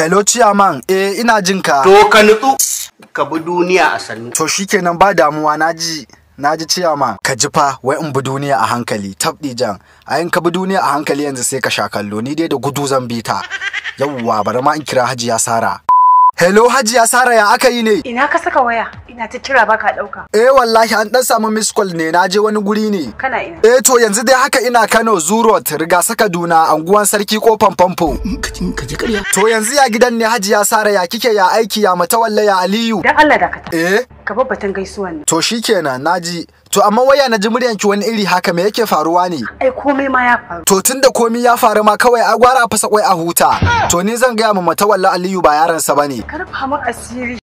hello chairman eh ina jin ka to ka nutsu ka bi duniya a sannu to shikenan ba damuwa naji naji chairman ka ji fa wai in bi duniya a hankali tabdi jan ayin ka bi duniya a hankali yanzu sai ka sha kallo ni dai da gudu zan bi ta yawwa bari ma in kira hajiya sara Hello Hajiya saraya aka yi ne? Ina ka saka waya? Ina ta kira baka dauka. Eh wallahi an dan samu miss call ne na je wani guri ne. Kana ina? Eh to yanzu dai haka ina Kano Zurot riga saka Duna anguwan sarki kofan famfo. Mm, ka To yanzu ya gidan ne Hajiya Sara kike ya aiki ya mata ya Aliyu. Dan Allah dakata. Eh? Ka babbatun gaisuwan. To shikenan naji. To amma waya na ji muryanki wani iri haka me yake faruwa ne? Ai komai ma ya faru. To tunda komai ya faru ma kawai a gwara fasa kwai a huta. To ni zan gaya ma mata wallahi Aliyu ba yaran sa bane. Karfa mun asiri.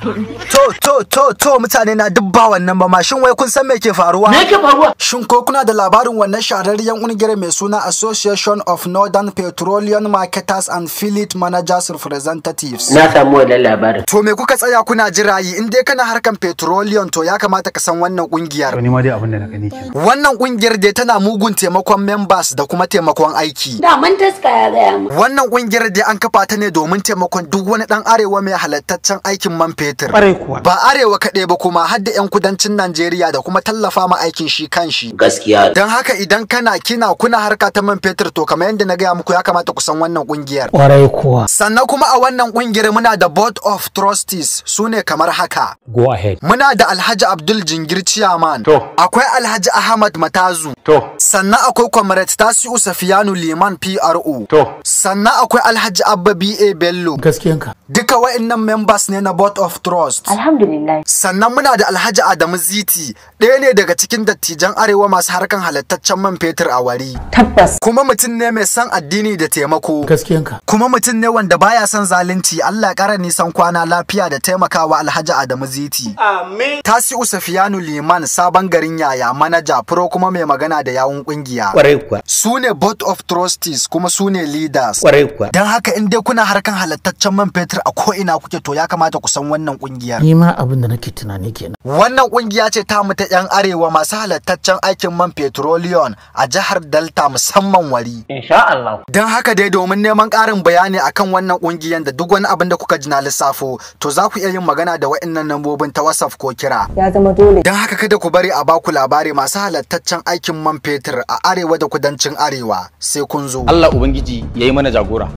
To, to, to, to mutane na dubba wannan ba mashin wai kun san me ke faruwa? Me ke faruwa? Shin ko kuna da labarin wannan shahararren ƙungiyar mai suna Association of Northern Petroleum Marketers and Field Managers Representatives? Na samu wannan labarin. To me kuka tsaya kuna jirayi in dai kana harkan petroleum to ya kamata ka san wannan ƙungiyar. Ni ma dai abin da na gani ke. Wannan ƙungiyar dai tana mugun taimakon members da kuma taimakon aiki. Da mun taska ya gaya mu. Wannan ƙungiyar dai an kafa ta ne domin taimakon duk wani ɗan arewa mai halattaccen aikin man fetur. fetur ba arewa kaɗai ba kuma har da 'yan kudancin Najeriya da kuma tallafa ma aikin shi kanshi gaskiya don haka idan kana kina kuna harka ta man fetur to kamar yadda na gaya muku ya kamata ku san wannan kungiyar kwarai kuwa sannan kuma a wannan ƙungiyar muna da board of trustees su ne kamar haka go ahead muna da Alhaji Abdul Jingir Chairman to akwai Alhaji Ahmad Matazu to sannan akwai Comrade Tasiu Safiyanu Liman PRO to sannan akwai Alhaji Abba BA Bello gaskiyanka duka wa'annan members ne na board of Trust. Alhamdulillah. Sannan muna da Alhaji Adamu Ziti ɗaya ne daga cikin dattijan arewa masu harkan halattaccen man fetur a wari. Tabbas. Kuma mutum ne mai son addini da taimako. Gaskiyanka. Kuma mutum ne wanda baya son zalunci Allah ƙara nisan kwana lafiya da taimakawa Alhaji Adamu Ziti. Amin. Tasi'u Safiyanu Liman sabon garin yaya manaja furo kuma mai magana da yawun kungiya. Kwarai kuwa. Su ne board of trustees kuma su ne leaders. Kwarai kuwa. Don haka in dai kuna harkan halattaccen man fetur a ko'ina kuke to ya kamata ku san wannan kungiyar. Ni ma abin da nake tunani kenan. Wannan kungiya ce ta mu 'yan arewa masu halattaccen aikin man petroleum a jihar Delta musamman wari. Insha Allah. Don haka dai domin neman ƙarin bayani akan wannan ƙungiyar da duk wani abin da kuka ji na lissafo to za ku iya yin magana da wa'annan lambobin ta WhatsApp ko kira. Ya zama dole. Don haka kada ku bari a baku labari masu halattaccen aikin man fetur a arewa da kudancin arewa sai kun zo. Allah Ubangiji ya yi mana jagora.